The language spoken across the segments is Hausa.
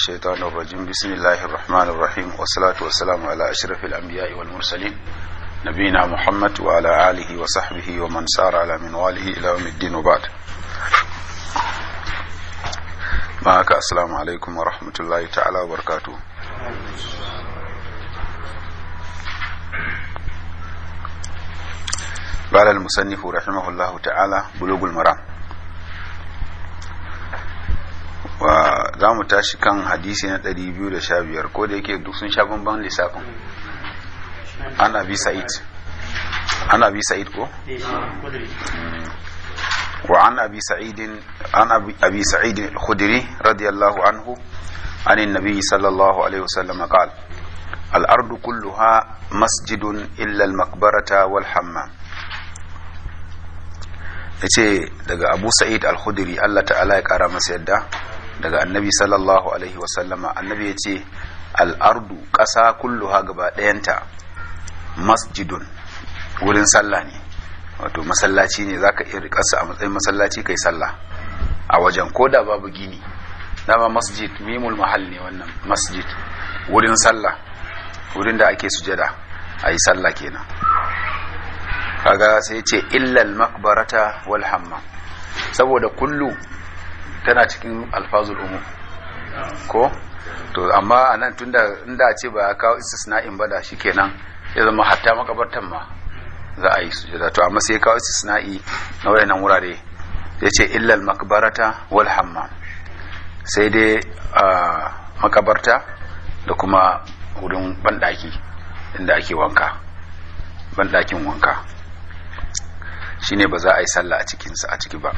الشيطان الرجيم بسم الله الرحمن الرحيم والصلاة والسلام على أشرف الأنبياء والمرسلين نبينا محمد وعلى آله وصحبه ومن سار على منواله إلى يوم الدين وبعد معك السلام عليكم ورحمة الله تعالى وبركاته قال المصنف رحمه الله تعالى بلوغ المرام wa za mu tashi kan hadisi na 215 ko da yake duk sun sha bamban lissafin ana bi sa'id an abi sa'id ko wa an abi sa'id an abi anhu khudri radiyallahu anhu alaihi النبي صلى الله عليه kulluha masjidun الأرض كلها مسجد wal المقبرة والحمام yace daga Abu Sa'id Al-Khudri Allah ta'ala ya kara masa yadda daga annabi sallallahu alaihi wasallama annabi ya ce al'ardu ƙasa kulluha gaba ɗayanta masjidun wurin sallah ne wato masallaci ne zaka iya rikarsa a matsayin masallaci kai sallah a wajen koda babu gini dama masjid mimul mahal ne wannan masjid wurin sallah wurin da ake sujada a yi sallah kenan kaga sai ce illal makbarata wal hammam saboda kullu tana cikin alfazul umu ko to amma a nan tun da a ce ba ya kawo istisna'in ba da shi kenan ya zama hatta makabartan ma za a yi sujada to amma sai ya kawo istisna'i na wayannan wurare yace ce illal makabarata wal hammam sai dai makabarta da kuma wurin banɗaki inda ake wanka banɗakin wanka shine ba za a yi sallah a cikinsa a ciki ba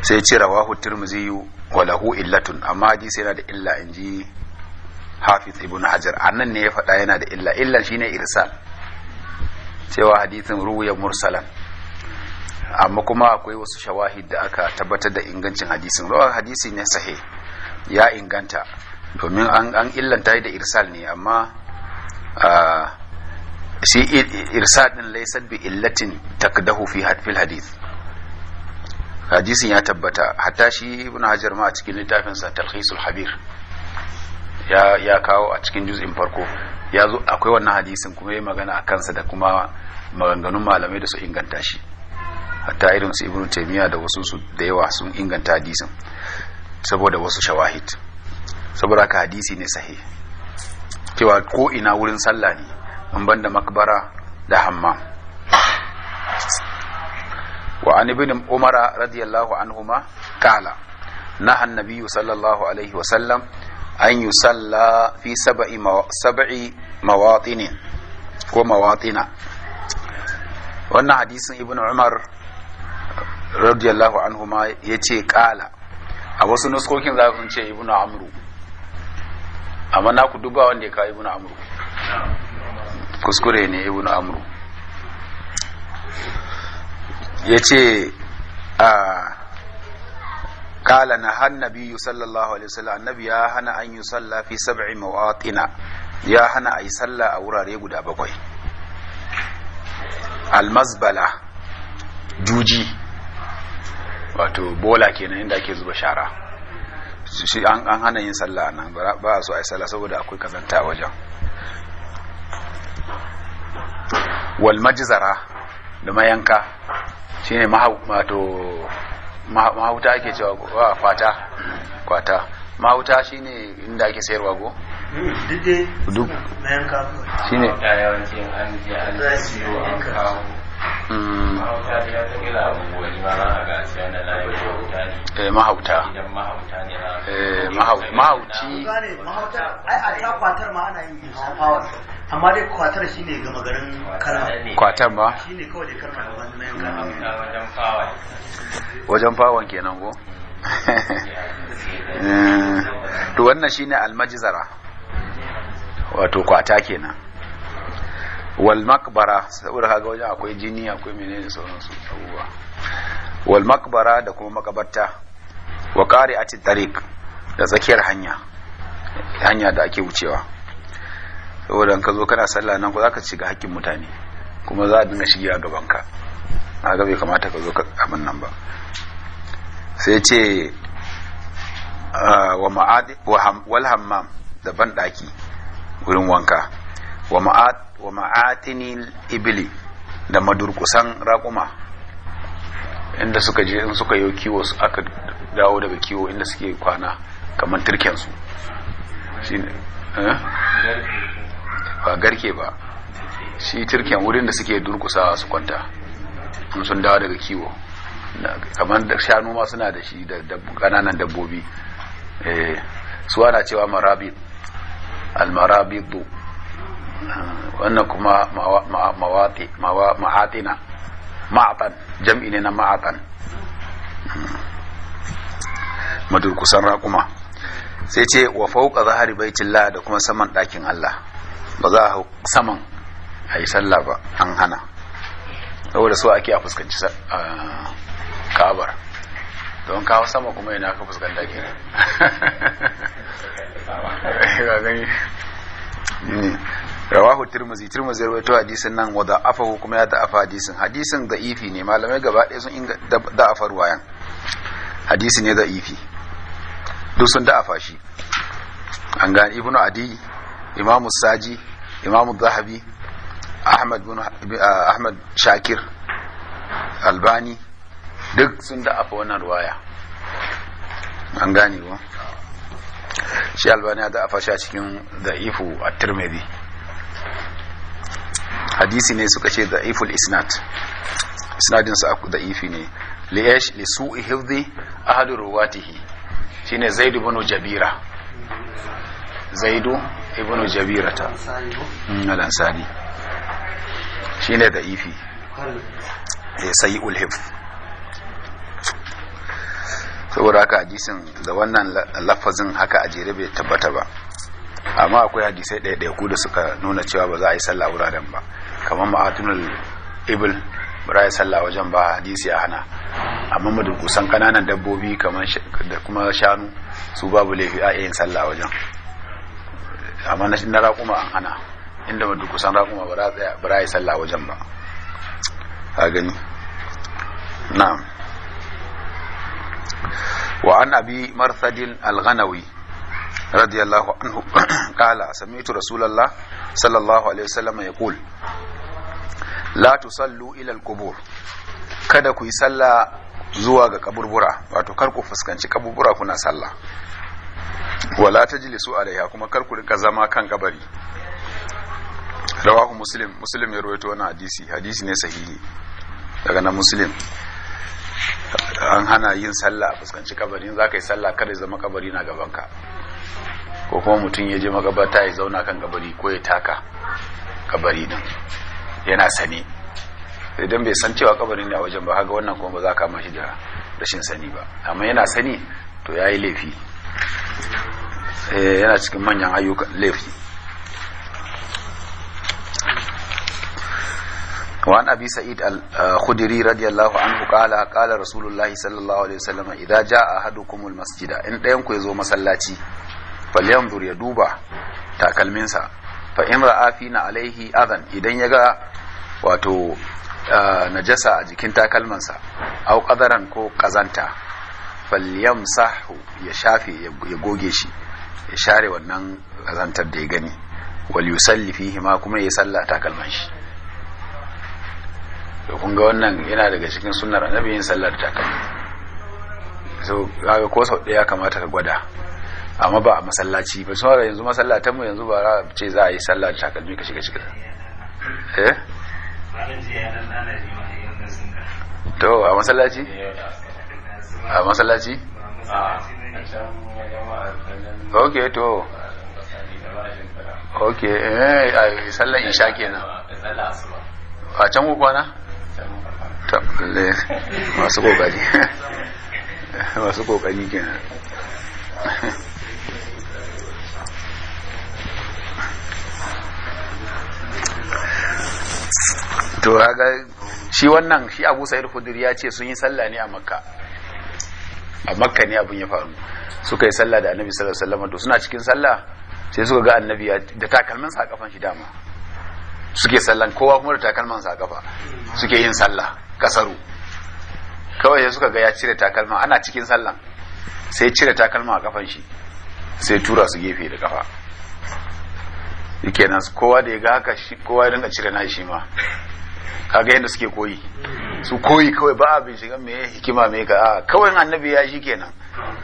sai ce rawahu tirmizi wa lahu illatun amma hadisi yana da illa inji hafiz ibn hajar annan ne ya faɗa yana da illa illa shine irsal cewa hadithin ruwaya mursalan amma kuma akwai wasu shawahid da aka tabbatar da ingancin hadisin rawa hadisi ne sahi ya inganta domin an illanta da irsal ne amma shi irsal din laysa bi illatin takdahu fi hadith hadisin ya tabbata hatta shi ibn hajar ma a cikin littafinsa talhisul habir ya ya kawo a cikin juz'in farko ya zo akwai wannan hadisin kuma yayi magana a kansa da kuma maganganun malamai da su inganta shi hatta irin su ibn taymiya da wasu su da yawa sun inganta hadisin saboda wasu shawahid saboda ka hadisi ne sahih cewa ko ina wurin sallah ne in banda makbara da hammam وعن ابن عمر رضي الله عنهما قال نهى النبي صلى الله عليه وسلم أن يصلى في سبع سبع مواطن ومواطن wannan hadisin ibn umar radiyallahu anhu ma ya ce kala a wasu nuskokin za su ce ibn amru amma na ku duba wanda ya kawo ibn amru kuskure ne ibn amru ya ce kala na hannabi sallallahu alaihi wasallam annabi ya hana an yi salla fi sab'i mawatina ya hana a yi salla a wurare guda bakwai almazbala juji wato bola kenan inda ake zuba shara shi an hana yin sallah nan ba a so a yi sallah saboda akwai kazanta wajen wal majzara da mayanka shine mahauto mahauta ake cewa ah, kwata kwata mahauta shine inda ake sayarwa go duk shine ah, mm. mahauta mahauci mahauta ta amma dai kwatar shi ne gama garin karma kwatar ba shi ne kawai da na wajen fawon wajen fawon kenan ko eh, to wannan shine almajizara wato kwata kenan wal makbara saboda kaga wajen akwai jini akwai menene sauransu abubuwa wal makbara da kuma makabarta wa a tariq da tsakiyar hanya hanya da ake wucewa saboda ka zo kana sallah nan ko ka shiga hakkin mutane kuma za a dinga shige a gaban ka haka bai kamata ka zo abin nan ba sai ce ah, wa ma'ad wal hammam da ban daki wurin wanka wa ma'ad ibili da madurkusan raƙuma inda suka je in suka yi kiwo aka dawo daga kiwo inda suke kwana kamar turkensu shi ne eh? ba garke ba shi turken wurin da suke durkusa su kwanta in sun dawo daga kiwo kamar da shanu ma suna da shi da kananan dabbobi eh, su ana cewa marabit almarabitu wannan kuma ma'atina ma'atan jam'i ne na ma'atan madurkusan raƙuma sai ce wa fauka zahari baitin da kuma saman ɗakin Allah ba za a saman a yi sallah ba an hana saboda su ake a fuskanci kabar don kawo sama kuma yana ka fuskanta ke ga gani rawahu tirmizi tirmizi rawaito hadisin nan wa da'afahu kuma ya da'afa hadisin hadisin ifi ne malamai gaba ɗaya sun inga da'afa ruwayan hadisi ne ifi duk sun da'afa shi an gani ibnu adi imamu saji imam zahabi ahmad bin eh, ahmad shakir albani duk sun da'afa wannan ruwaya an gane ko shi albani ya da'afa shi cikin da'ifu a tirmidhi hadisi ne suka ce da'iful isnad isnadin sa da'ifi ne li yash li su'i hifdhi ahadu ruwatihi shine zaid ibn jabira zaidu ibn jabirata mm, al-ansari shine da ifi eh, sai ulhif saboda haka hadisin da wannan lafazin haka a jere bai tabbata ba amma akwai hadisai ɗaya ku da suka nuna cewa ba za a yi sallah wuraren ba kamar ma'atunan ibil ba a sallah wajen ba hadisi a hana amma madukusan kananan dabbobi kamar da kuma shanu su babu laifi a yin sallah wajen amma na na raƙuma an hana inda ba kusan raƙuma ba za a yi sallah wajen ba a gani na'am wa an abi marthadin al-ghanawi radiyallahu anhu qala sami'tu rasulullah sallallahu alaihi wasallam yaqul la tusallu ila al-qubur kada ku yi sallah zuwa ga kaburbura wato kar ku fuskanci kaburbura kuna sallah wala ta su alaiha kuma kar ku rinka zama kan kabari rawahu muslim muslim ya rawaito wannan hadisi hadisi ne sahihi daga na muslim an hana yin sallah fuskanci kabari in zaka yi sallah kada zama kabari na gaban ka ko kuma mutum ya je magabata ya zauna kan kabari ko ya taka kabari din yana sani idan bai san cewa kabarin ne a wajen ba kaga wannan kuma ba za ka mashi shi da rashin sani ba amma yana sani to yayi laifi yana cikin manyan ayyukan laifi وعن أبي سعيد الخدري رضي الله عنه قال قال رسول الله صلى الله عليه وسلم إذا جاء أحدكم المسجد إن دينكو يزو مسلاتي فلينظر يدوبا تاكلمنسا فإن رأى فينا عليه أذن إذن يغا واتو نجسا a jikin takalmansa au ƙazaran كو قزنتا sahu ya shafe ya goge shi ya share wannan kazantar da ya gani wal yusalli fihi ma kuma ya salla takalman shi to kun ga wannan yana daga cikin sunnar annabi yin sallar takalmi so kaga ko sau daya kamata ka gwada amma ba a masallaci ba da yanzu masallatan mu yanzu ba a ce za a yi sallar takalmi ka shiga cikin eh to a masallaci eh, a masallaci ok to ok eh sallan insha kenan a can ku kwana tabballe masu kokari masu kokari kenan to ga shi wannan shi abu sa'id khudri ya ce sun yi sallah ne a makka a makka ne abin ya faru suka yi sallah da annabi sallallahu alaihi wasallam to suna cikin sallah sai suka ga annabi da takalmin sa kafan shi dama suke sallan kowa kuma da takalman sa kafa suke yin sallah kasaru kawai sai suka ga ya cire takalma ana cikin sallan sai cire takalma a kafan shi sai tura su gefe da kafa nan kowa da ya ga haka kowa ya dinga cire na shi ma kaga yadda suke koyi su koyi kawai ba a binciken me hikima me ka kawai annabi ya shi kenan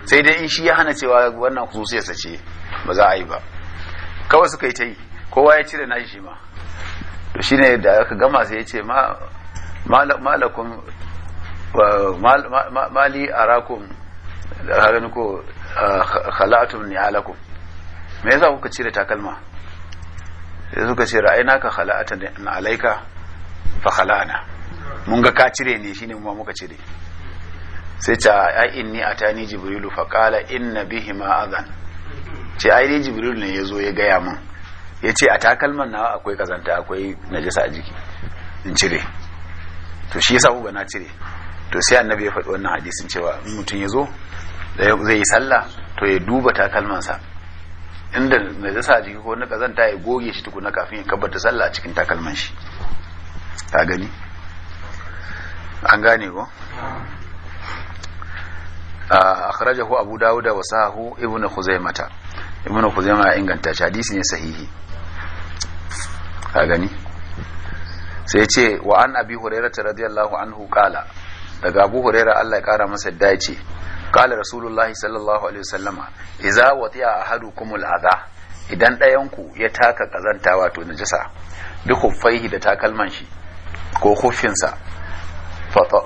sai dai in shi ya hana cewa wannan khususiyarsa ce ba za a yi ba kawai suka yi ta yi kowa ya cire na shi ma to ne da aka gama sai ya ce mali malakun mali da hagan ko khala'atum ni'alakum me yasa kuka cire takalma sai suka ce ra'ayna ka khala'atan alaika fa khala'ana mun ga ka cire ne shine mu muka cire sai ta ai inni atani jibrilu fa qala bihi ma adhan ce ai ne jibrilu ne yazo ya gaya ya yace a takalman nawa akwai kazanta akwai najasa a jiki in cire to shi yasa uba na cire to sai annabi ya faɗi wannan hadisin cewa in mutum yazo zai yi sallah to ya duba takalmansa inda najasa a jiki ko na kazanta ya goge shi tukuna kafin ya kabbata sallah a cikin takalman shi ta gani an gane ko akhrajahu abu dawuda wa sahu ibnu khuzaimata ibnu khuzaima ya inganta shi hadisi ne sahihi ta gani sai ce wa an abi hurairah radiyallahu anhu kala daga abu hurairah Allah ya kara masa dace kala rasulullahi sallallahu alaihi wasallama idza wati'a ahadukumul adha idan ɗayanku ya taka kazanta wato najasa duk faihi da takalman shi ko hufinsa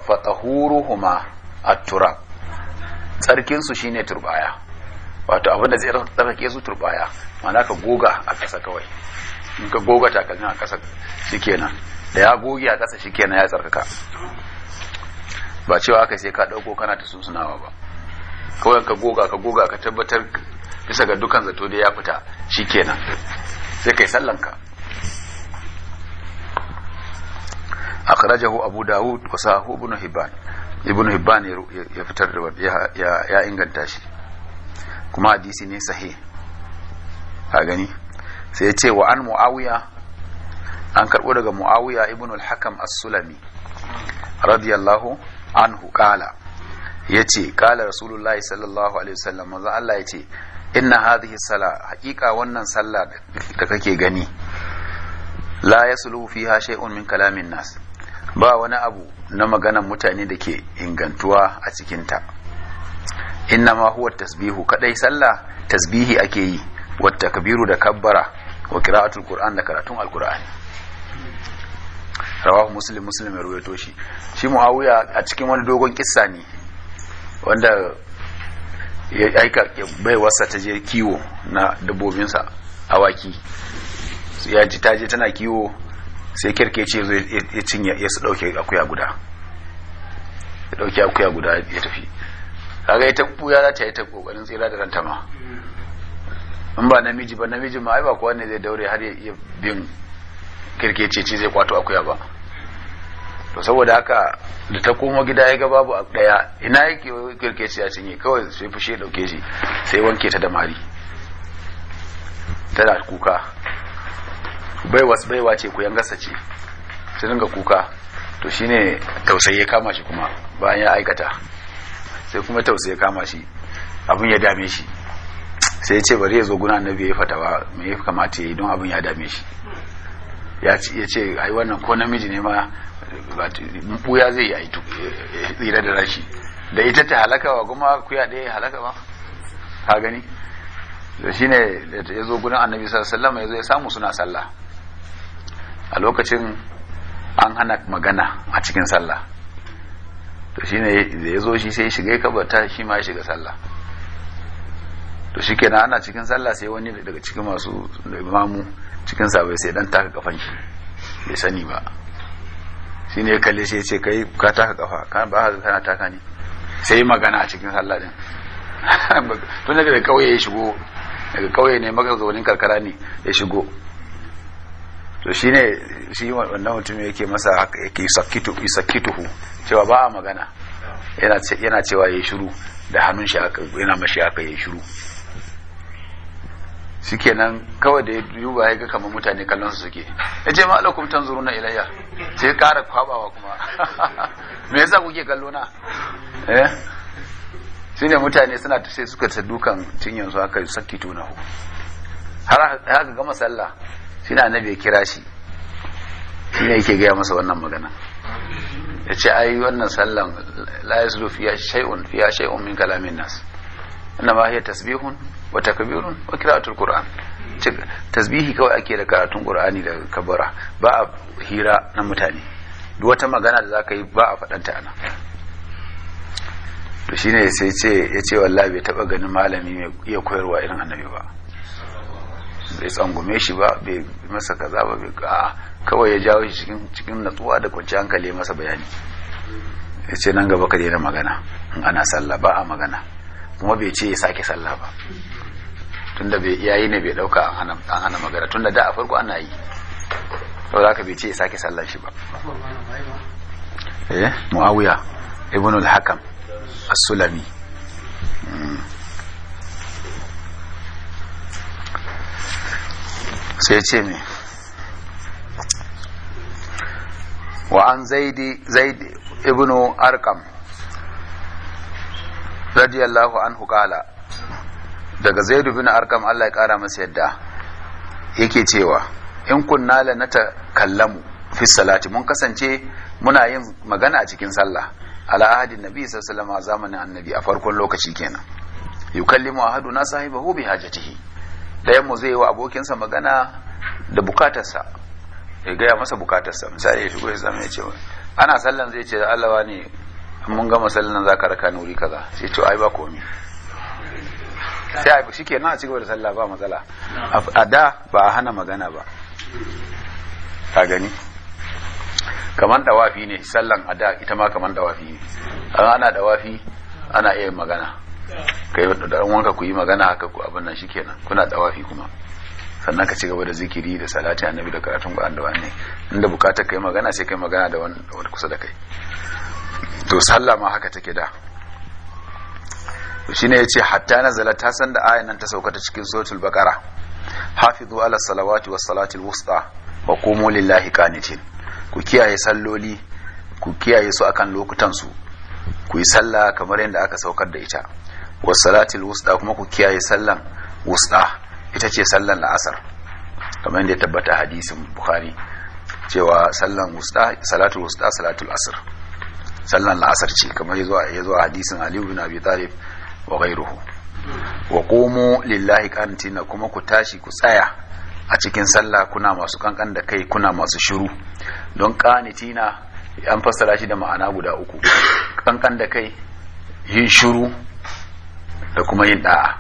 fatahuruhuma a tura tsarkinsu shi ne turbaya wato abinda zai tsarkake su turbaya mana ka goga a ƙasa kawai in ka goga takalmi a ƙasa kenan da ya goge a ƙasa kenan ya tsarkaka ba cewa aka sai ka ɗauko kana ta sunsunawa ba kawai ka goga ka goga ka tabbatar bisa ga dukan zato da ya fita shi kenan sai kai sallanka akhrajahu abu Dawud wa sahu ibn hibban ibn hibban ya fitar da ya inganta shi kuma hadisi ne sahih a gani sai ya ce wa an muawiya an karbo daga muawiya ibn al-hakam as-sulami radiyallahu anhu qala yace qala rasulullahi sallallahu alaihi wasallam manzo Allah yace inna hadhihi sala haqiqa wannan sallah da kake gani la yasluhu fiha shay'un min kalamin nas ba wani abu na maganan mutane da ke ingantuwa a cikinta inna ma huwa tasbihu kadai sallah tasbihi ake yi wa takbiru da kabbara wa qira'atul qur'an da karatun alqur'ani rawahu muslim muslim ya ruwaito shi shi muawiya a cikin wani dogon kissa ne wanda ya aika bai wasa ta je kiwo na dabbobinsa awaki ya ji ta je tana kiwo sai kirkeci ya cinye ya su dauke akuya guda ya dauke akuya guda ya tafi kaga ita buya za ta yi ta kokarin tsira da ranta ma in ba namiji ba namiji ma ai ba kowa ne zai daure har ya iya bin kirkeci ce zai kwato akuya ba to saboda haka da ta koma gida ya ga babu a daya ina yake kirkeci ya cinye kawai sai fushi ya dauke shi sai wanke ta da mari tana kuka baiwa baiwa ce ku yanga sace su dinga kuka to shine tausayi ya kama shi kuma bayan ya aikata sai kuma tausayi ya kama shi abin ya dame shi sai ya ce bari ya zo guna annabi ya fata ba me ya kamata yi don abin ya dame shi ya ce ai wannan ko namiji ne ma buya zai yi tsira da rashi da ita ta halaka wa kuma ya ɗaya halaka ba ka gani da shine ya zo gudun annabi sallallahu alaihi wasallam ya zo ya samu suna sallah a lokacin an hana magana a cikin sallah to shi ne da ya zo shi sai shiga kabata shi ma ya shiga sallah to shi kenan ana cikin sallah sai wani daga cikin masu imamu cikin sabai sai dan taka kafan shi bai sani ba shi ne kalle shi ce kai ka taka kafa ka ba haka kana taka ne sai magana a cikin sallah din tun daga kauye ya shigo daga kauye ne magazonin karkara ne ya shigo to shi ne, shi wannan mutum yake masa yake sakitu sakituhu cewa ba a magana yana cewa ya shiru da hannun shi aka, yana mashi aka ya shiru kenan kawai da yuba ya ga kamar mutane kallon su suke ya ce ma'alakum na ilayya ce kara kwabawa kuma me yasa kuke kallo na eh ne mutane suna sai suka ta dukan cinyansu haka sakitu na har haka gama sallah shi na annabi ya kira shi shi ne yake gaya masa wannan magana ya ce ai wannan sallan layis lufiya shay'un fiya shay'un min kalamin nas inna ma hiya tasbihun wa takbirun wa qira'atul qur'an tasbihi kawai ake da karatun qur'ani da kabara ba a hira na mutane duk wata magana da zaka yi ba a fadanta ana to shine sai ce yace wallahi bai taba ganin malami iya koyarwa irin annabi ba bai tsangume shi ba bai masa kaza ba bai a kawai ya jawo shi cikin cikin natsuwa da kwanci hankali masa bayani ya ce nan gaba ka daina magana in ana sallah ba a magana kuma bai ce ya sake sallah ba tunda bai yi ne bai dauka an ana magana tunda da a farko ana yi sau da bai ce ya sake sallah shi ba eh muawiya ibn al-hakam as-sulami hmm. sai ce me wa an zaidi zaidi ibnu arkam radiyallahu anhu kala daga zaidu bin arkam Allah ya kara masa yadda yake cewa in kunna na ta kallamu fi salati mun kasance muna yin magana a cikin sallah ala ahadin nabi sallallahu alaihi wasallam zamanin annabi a farkon lokaci kenan yukallimu ahaduna sahibahu bi hajatihi ɗayan mu zai yi wa abokinsa magana da bukatarsa ya gaya masa bukatarsa misali ya shigo ya zama ya ce ana sallan zai ce Allah ne mun gama sallan za ka raka ni wuri kaza sai ce ai ba komi sai ai shi na a cigaba da sallah ba matsala a da ba a hana magana ba Ta gani kamar dawafi ne sallan a da ita ma kamar dawafi ne ana dawafi ana iya magana kai wanda da wanka ku yi magana haka ku abin nan shikenan kuna tsawafi kuma sannan ka ci gaba da zikiri da salati annabi da karatun Qur'ani da wanne inda bukatar kai magana sai kai magana da wani kusa da kai to sallah ma haka take da shine yace hatta nazala ta san da ayan nan ta sauka ta cikin suratul baqara hafizu ala salawati was salati al wusta wa qumu lillahi qanitin ku kiyaye salloli ku kiyaye su akan lokutan su ku yi sallah kamar yadda aka saukar da ita wa salatil wusta kuma ku kiyaye sallan wusta ita ce sallan la'asar kamar yadda ya tabbata hadisin bukhari cewa sallan wusta salatul wusta salatul asr sallan la'asar ce kamar ya zo hadisin ali bin abi talib wa ghayruhu wa qumu lillahi qanitina kuma ku tashi ku tsaya a cikin sallah kuna masu kankan da kai kuna masu shiru don qanitina an fassara shi da ma'ana guda uku kankan da kai yin shiru da kuma yin da'a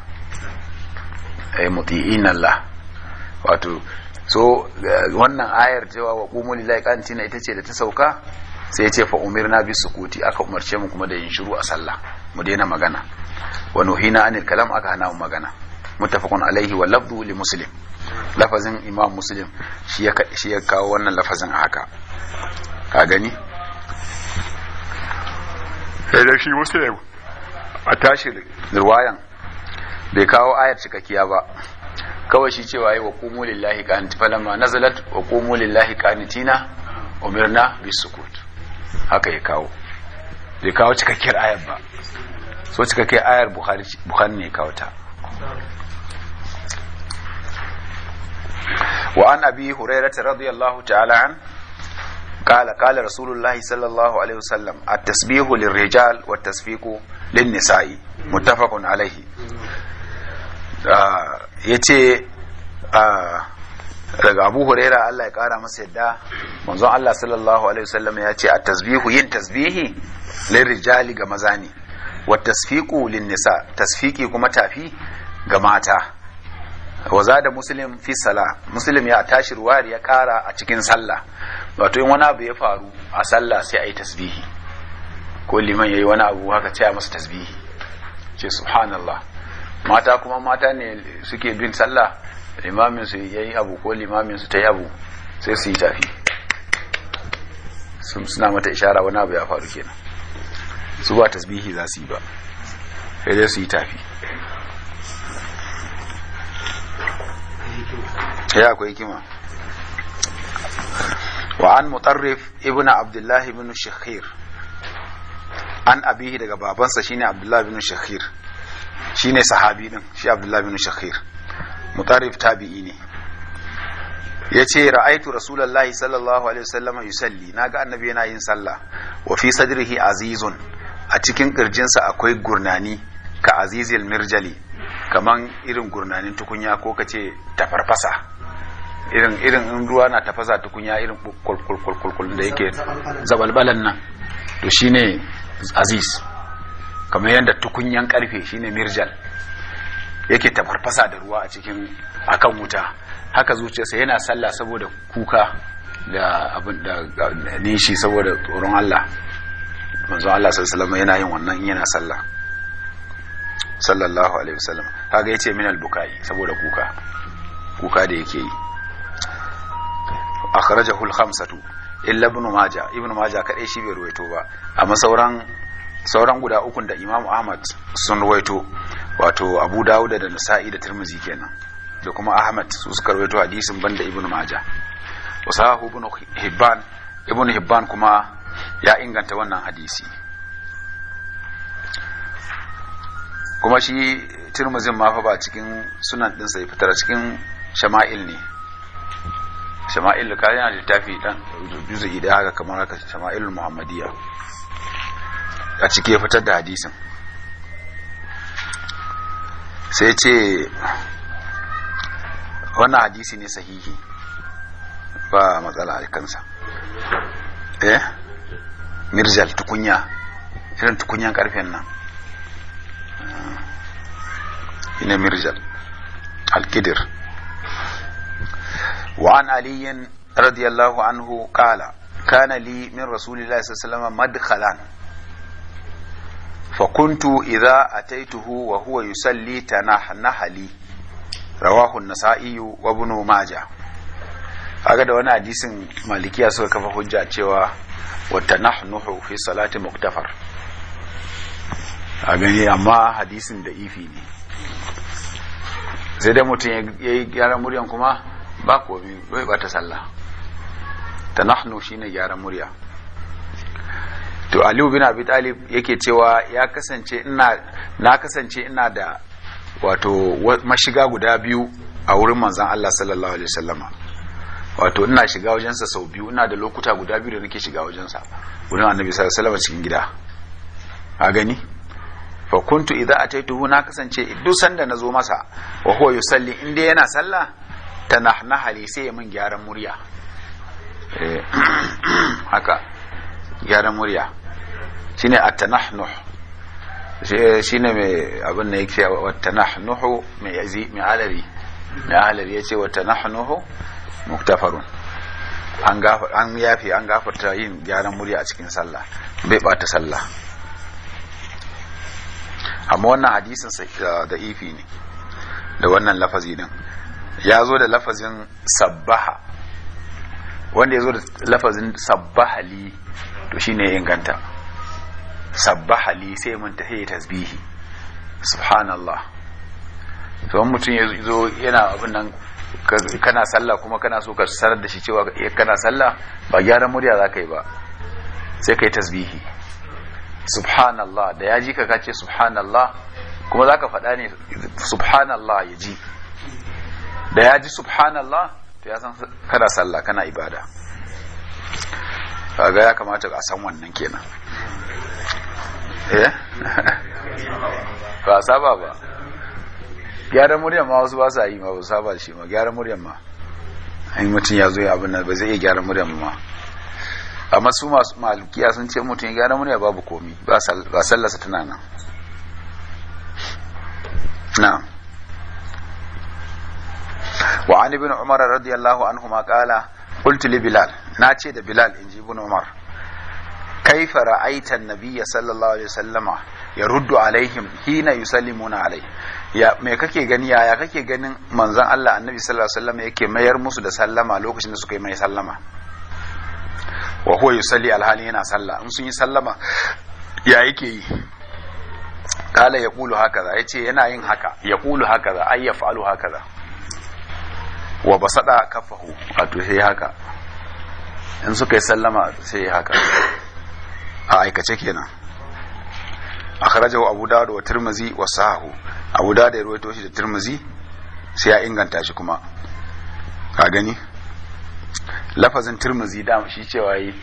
ay eh, muti'in Allah wato so wannan ayar cewa wa qumu lillahi qanitina ita ce da ta sauka sai ya ce fa umirna bi sukuti aka umarce mu kuma da yin shiru a sallah mu daina magana wa nuhina anil kalam aka hana mu magana muttafaqun alaihi wa lafdu li muslim lafazin imam muslim shi ya shi ya kawo wannan lafazin haka ka gani sai eh, da shi muslim a tashi riwayan bai kawo ayar cikakkiya ba kawai shi cewa yi wa kumu lillahi qanit falamma nazalat wa kumu lillahi qanitina umirna bisukut haka ya kawo bai kawo cikakkiyar ayar ba so cikakkiyar ayar bukhari ne kawo ta wa an abi hurairata radiyallahu ta'ala an قال قال رسول الله صلى الله عليه وسلم التسبيح للرجال والتصفيق للنساء متفق عليه yace ah, daga Abu Huraira Allah ya kara masa yadda manzon Allah sallallahu alaihi wasallam ya ce at-tasbihu yin tasbihi lirrijali ga maza ne wa tasfiqu lin-nisa tasfiki kuma tafi ga mata waza da muslim fi sala muslim ya tashi ruwar ya kara a cikin sallah wato in wani abu ya faru a sallah sai a yi tasbihi ko liman ya yi wani abu haka sai a masa tasbihi ce subhanallah mata kuma mata ne suke bin sallah limamin su yayi abu ko limamin su ta yi abu sai su yi tafi suna mata ishara wani abu ya faru kenan su ba tasbihi za su yi ba sai dai su yi tafi ya akwai hikima wa an mutarrif ibn abdullah ibn shakhir an abihi daga babansa shine abdullah ibn shakhir shine sahabi din shi abdullah ibn shakhir mutarrif tabi'i ne ya ce ra'aitu rasulallahi sallallahu alaihi wasallam yusalli na ga annabi yana yin sallah wa fi sadrihi azizun a cikin kirjinsa akwai gurnani ka azizil mirjali kaman irin gurnanin tukunya ko ka ce tafarfasa irin irin in ruwa na tafasa tukunya irin kulkulkulkul da yake zabalbalan nan to shine aziz kamar yadda tukunyan karfe shine mirjal yake tafarfasa da ruwa a cikin akan wuta haka zuciyarsa yana sallah saboda kuka da abin da nishi saboda tsoron Allah manzo Allah sallallahu alaihi wasallam yana yin wannan yana sallah sallallahu alaihi wasallam kaga yace min al-bukai saboda kuka kuka da yake yi akhrajahu al-khamsatu illa ibn majah ibn majah kadai shi bai ruwaito ba amma sauran sauran guda uku da imamu ahmad sun ruwaito wato abu dawud da nasa'i da tirmizi kenan da kuma ahmad su suka ruwaito hadisin banda ibn majah wasahu ibn hibban ibn hibban kuma ya inganta wannan hadisi kuma shi tirmuzin ma fa ba cikin sunan ɗinsa ya fitar cikin shama'il ne shama'il ka yana littafi dan juzu idan haka kamar haka shama'il muhammadiya a ciki ya fitar da hadisin sai ce wannan hadisi ne sahihi ba matsala a kansa eh mirjal tukunya irin tukunyan karfen nan ina mirjal alkidir wa an ali radhiyallahu anhu kala kana li min rasulillahi sallallahu alaihi wasallam madkhalan fa kuntu idha ataituhu wa huwa yusalli tanahnahali rawahu an-nasa'i wa ibn majah kaga da wani hadisin malikiya suka kafa hujja cewa wa tanahnuhu fi muktafar a gani amma hadisin da ifi ne sai dai mutum ya yi gyaran muryan kuma ba komi bai bata sallah ta nahnu ne gyaran murya to aliyu bin abi talib yake cewa ya kasance ina na kasance ina da wato mashiga guda biyu a wurin manzan Allah sallallahu alaihi wasallama wato ina shiga wajensa sau biyu ina da lokuta guda biyu da nake shiga wajensa wurin annabi sallallahu alaihi wasallama cikin gida a gani fa kuntu idza ataituhu na kasance duk sanda nazo masa wa huwa yusalli inda yana sallah tanahna hali sai ya min gyaran murya eh haka gyaran murya shine atanahnu shine mai abin da yake wa tanahnuhu me yazi mai alabi me alari yace wa tanahnuhu muktafarun an yafi an gafarta yin gyaran murya a cikin sallah bai bata sallah amma wannan hadisin eh, da ifi ne da wannan lafazi din ya zo da lafazin sabbaha wanda ya zo da lafazin sabbahali to shine ya inganta sabbahali sai mun ta sai tasbihi subhanallah to mutum ya zo yana abin nan kana sallah kuma kana so ka sanar da shi cewa eh, kana sallah ba gyaran murya za ka yi ba sai ka yi tasbihi subhanallah da ya ji ka kace subhanallah kuma za ka faɗa ne subhanallah ya ji da ya ji subhanallah to ya san kana sallah kana ibada ga ya kamata a san wannan kenan eh ba saba ba gyaran muryar ma wasu ba sa yi ma ba saba shi ma gyaran muryar ma in mutum ya zo ya abin nan ba zai iya gyaran muryar ma amma su masu malikiya sun ce mutum ya gyara murya babu komi ba sallasa tana nan na wa an ibn umar radiyallahu anhu ma qala qult li bilal na ce da bilal inji ibn umar kaifa ra'aita an-nabiyya sallallahu alaihi wasallama yaruddu alaihim hina yusallimuna alai ya me kake gani yaya kake ganin manzon Allah annabi sallallahu alaihi wasallama yake mayar musu da sallama lokacin da suka yi mai sallama wa huwa yusalli alhali yana sallah in sun yi sallama ya yake yi kala ya kulu haka za ya ce yana yin haka ya kulu haka za ai ya fa'alu haka za wa basada kafahu wato sai haka in suka yi sallama sai haka a aikace kenan A wa abu dawud wa tirmizi wa sahu abu dawud ya rawaito shi da tirmizi sai ya inganta shi kuma ka gani lafazin tirmizi da shi cewa yi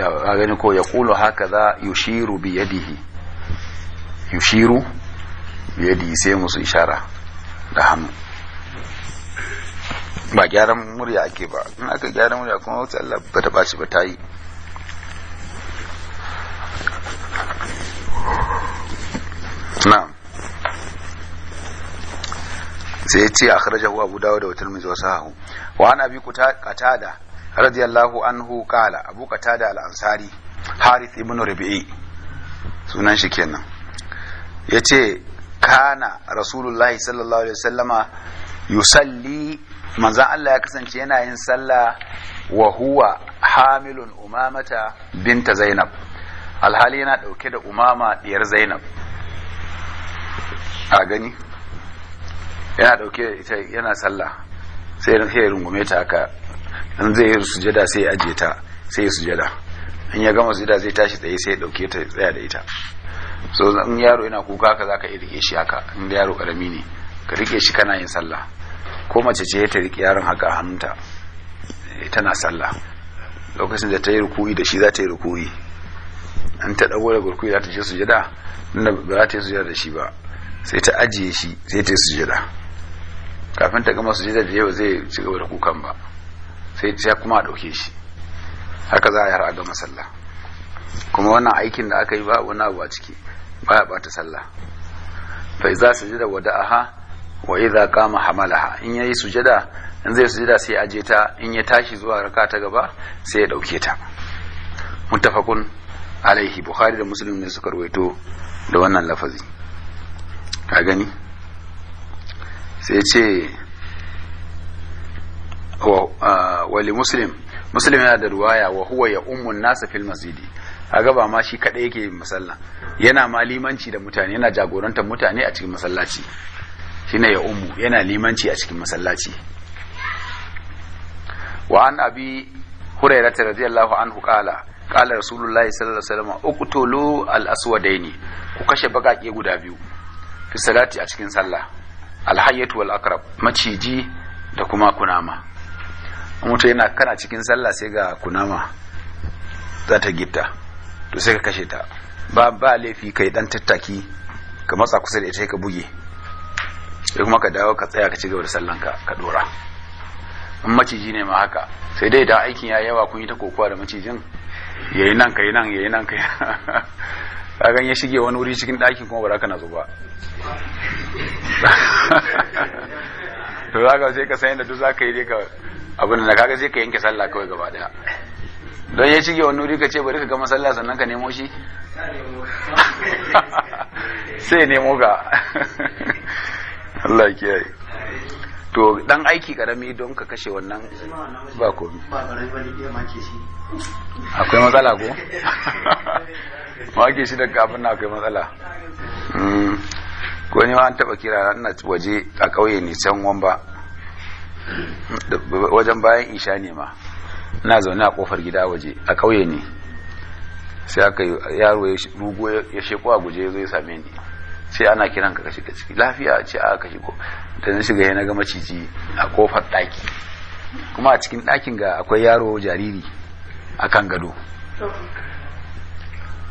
a gani ko ya kulo haka za yushiru bi yadihi yushiru bi yadihi sai musu ishara da hannu ba gyaran murya ake ba in aka gyaran murya kuma wata Allah ba ta baci ba ta yi na'am sai ya ce huwa abu dawud da tirmidhi wa sahu wa an abi qatada radiyallahu anhu qala abu qatada al-ansari harith ibn rabi'i sunan shi kenan yace kana rasulullahi sallallahu alaihi wasallama yusalli manzan Allah ya kasance yana yin sallah wa huwa hamilun umamata binta zainab alhali yana dauke da umama diyar zainab a gani yana dauke da ita yana sallah sai ya sai ya rungume ta haka in zai yi sujada sai ya aje ta sai ya sujada in ya gama sujada zai tashi tsaye sai ya dauke ta tsaya da ita so in yaro yana kuka haka zaka iya rike shi haka in yaro karami ne ka rike shi kana yin sallah ko mace ce ta rike yaron haka a hannunta eh, tana sallah lokacin da ta yi rukuyi da shi za ta yi rukuyi an ta dago da gurkuyi za ta je sujada inda ba za ta yi sujada da shi ba sai ta ajiye shi sai ta yi sujada kafin ta gama sujada da yau zai ci gaba da kukan ba sai ta kuma a ɗauke shi haka za a yi har a gama sallah kuma wannan aikin da aka yi ba wani abu a ciki baya bata sallah fa idza sujada wada'aha wa iza qama hamalaha in yayi sujada in zai sujada sai aje ta in ya tashi zuwa raka ta gaba sai ya ɗauke ta muttafaqun alaihi bukhari da muslim ne suka rawaito da wannan lafazi ka gani sai ce wali muslim muslim yana da ruwaya wa huwa ya umun nasa fil masjidi a gaba ma shi kaɗai yake masalla yana ma limanci da mutane yana jagorantar mutane a cikin masallaci Shi ya umu yana limanci a cikin masallaci wa an abi hurairah radiyallahu anhu qala qala rasulullahi sallallahu alaihi wasallam uqtulu al aswadaini ku kashe bagake guda biyu fi salati a cikin sallah alhayyatu wal akrab maciji da kuma kunama mutum yana kana cikin sallah sai ga kunama za ta gita to sai ka kashe ta ba ba laifi kai dan tattaki ka matsa kusa da ita ka buge sai kuma ka dawo ka tsaya ka ci gaba da sallan ka ka dora in maciji ne ma haka sai dai da aikin ya yawa kun yi ta kokowa da macijin yayi nan kai nan yayi nan kai kagan ya shige wani wuri cikin ɗakin kuma ba za ka zo ba to za ka sai ka san yadda duk za ka yi ka abin da kaga sai ka yanke sallah kawai gaba daya don ya cige wani wuri ka ce bari ka gama sallah sannan ka nemo shi sai nemo ga Allah ke yi to dan aiki karami don ka kashe wannan ba komi akwai matsala ko ma ake shi daga abin na akwai matsala hmm. ko ni ma an taba kira na waje a ƙauye ne can wamba wajen bayan isha ne ma na zaune a kofar gida waje a kauye ne sai aka yaro ya rugo ya sheko a guje ya zo ya same ni sai ana kiran ka kashi ciki lafiya ce a kashi ko da na shiga na ga maciji a kofar ɗaki kuma a cikin ɗakin ga akwai yaro jariri a kan gado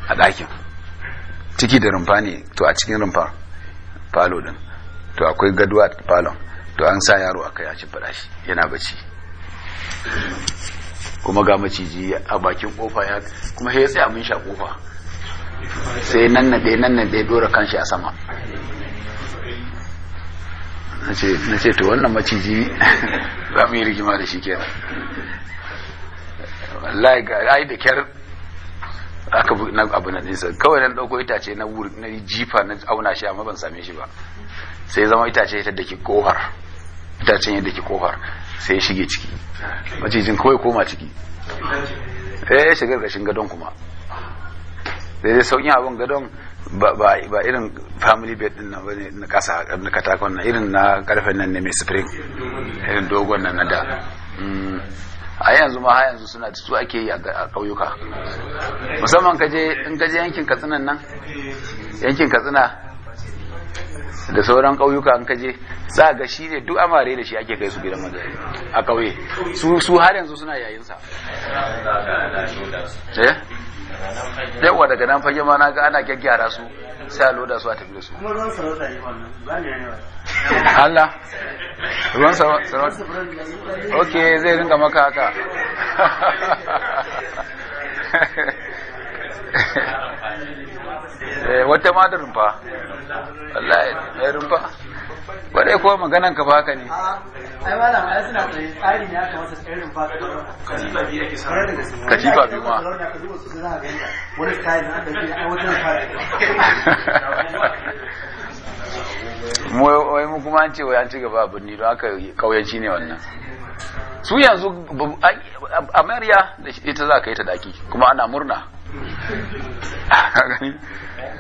a ɗakin ciki da rumfa ne to a cikin rumfa falo din to akwai gado a falon to an sa yaro aka kai a ci fada shi yana bacci kuma ga maciji a bakin kofa ya kuma sai ya tsaya mun sha kofa sai nan na dai nan na dai dora kanshi a sama na ce to wannan maciji za mu yi rigima da shi kenan wallahi ga ai da kyar aka na abu na nisa kawai nan dauko itace na wuri na jifa na auna shi amma ban same shi ba sai zama itace ta dake kofar itacen ya dake kofar sai ya shige ciki macijin kawai koma ciki eh ya shiga ƙarshen gadon kuma sai dai sauƙin abin gadon ba irin family bed din ba ne na kasa na katakon na irin na karfen nan ne mai spring irin dogon nan na da hmm. a yanzu ma yanzu suna su ake yi a ƙauyuka musamman kaje in kaje yankin katsinan nan yankin katsina da sauran ƙauyuka in kaje za ga shi ne duk amare da shi ake kai su gidan mazari a ƙauye su har yanzu suna yayin sa eh yawa daga nan fage ma na ga ana gyaggyara su sai a loda su a tafi da su Allah ruwan sarauta ok zai ringa maka haka eh, wata ma da rumfa wallahi mai eh, rumfa wadai kuwa maganan ka baka ne ah, ai ba biyu katifa biyu ma wai mu kuma an ce wai an ci gaba a birni don haka kauyanci ne wannan su yanzu ameriya da ita za ka yi ta daki kuma ana murna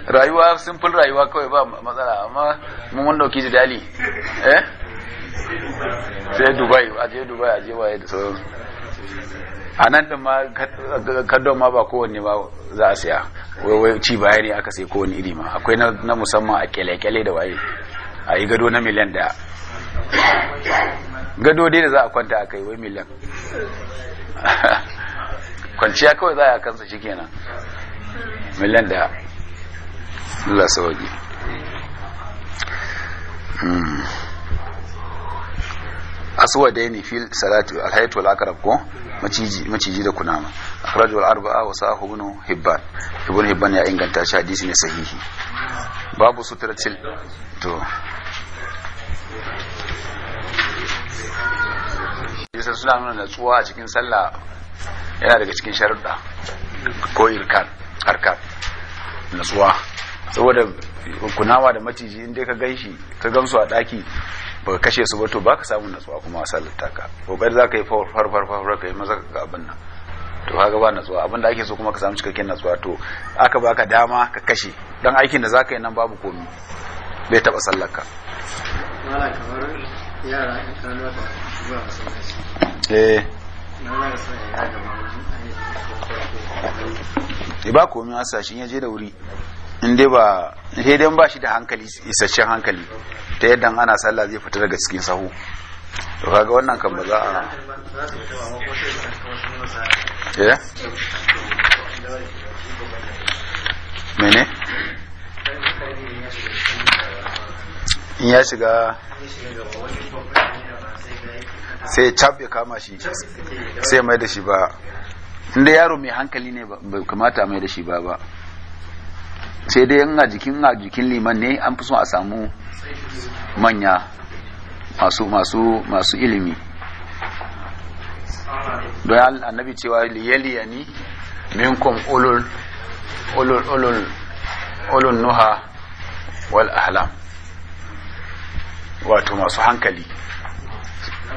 rayuwa simple rayuwa kawai ba matsala amma mun dauki dali eh sai dubai a je dubai a je waye da sauransu a nan da ma kaddon ma ba kowanne ba za a siya wai ci baya ne aka sai kowanne iri ma akwai na musamman a kyale-kyale da waye a yi gado na miliyan daya gado dai da za a kwanta a kai wai miliyan kwanciya kawai za a kansa shi kenan miliyan daya Allah sauki hmm. aswa dai ne fil salatu alhaitu al'akarar ko maciji da kunama akwai arba'a a sahu ibn hibban hibban ya inganta shi ne sahihi babu cil, to hadisai suna nuna natsuwa a cikin sallah yana daga cikin sharuɗa ko irkan harkar natsuwa saboda kunawa da maciji inda ka ganshi ka gamsu a daki ba kashe su ba to ba ka samu natsuwa kuma a sallar taka kokari za ka yi farfar ka yi maza ka abin nan to haka ba natsuwa abin da ake so kuma ka samu cikakken natsuwa to aka baka dama ka kashe dan aikin da zaka yi nan babu komi bai taba sallar ka yara kamar yara in ka nuna ba su Eh. eh ba komai asashi. ya je da wuri inda ba haidan ba shi da hankali isasshen hankali ta yadda ana sallah zai fita daga cikin sahu to kaga wannan kan ba za a eh mene in ya shiga sai cap ya kama shi sai mai da shi ba inda yaro mai hankali ne bai kamata mai da shi ba ba sai dai yana jikin a jikin liman ne an fi so a samu manya masu masu masu ilimi don annabi cewa Min minkum ulul ulul ulul ulul nuha wal ahlam wato masu hankali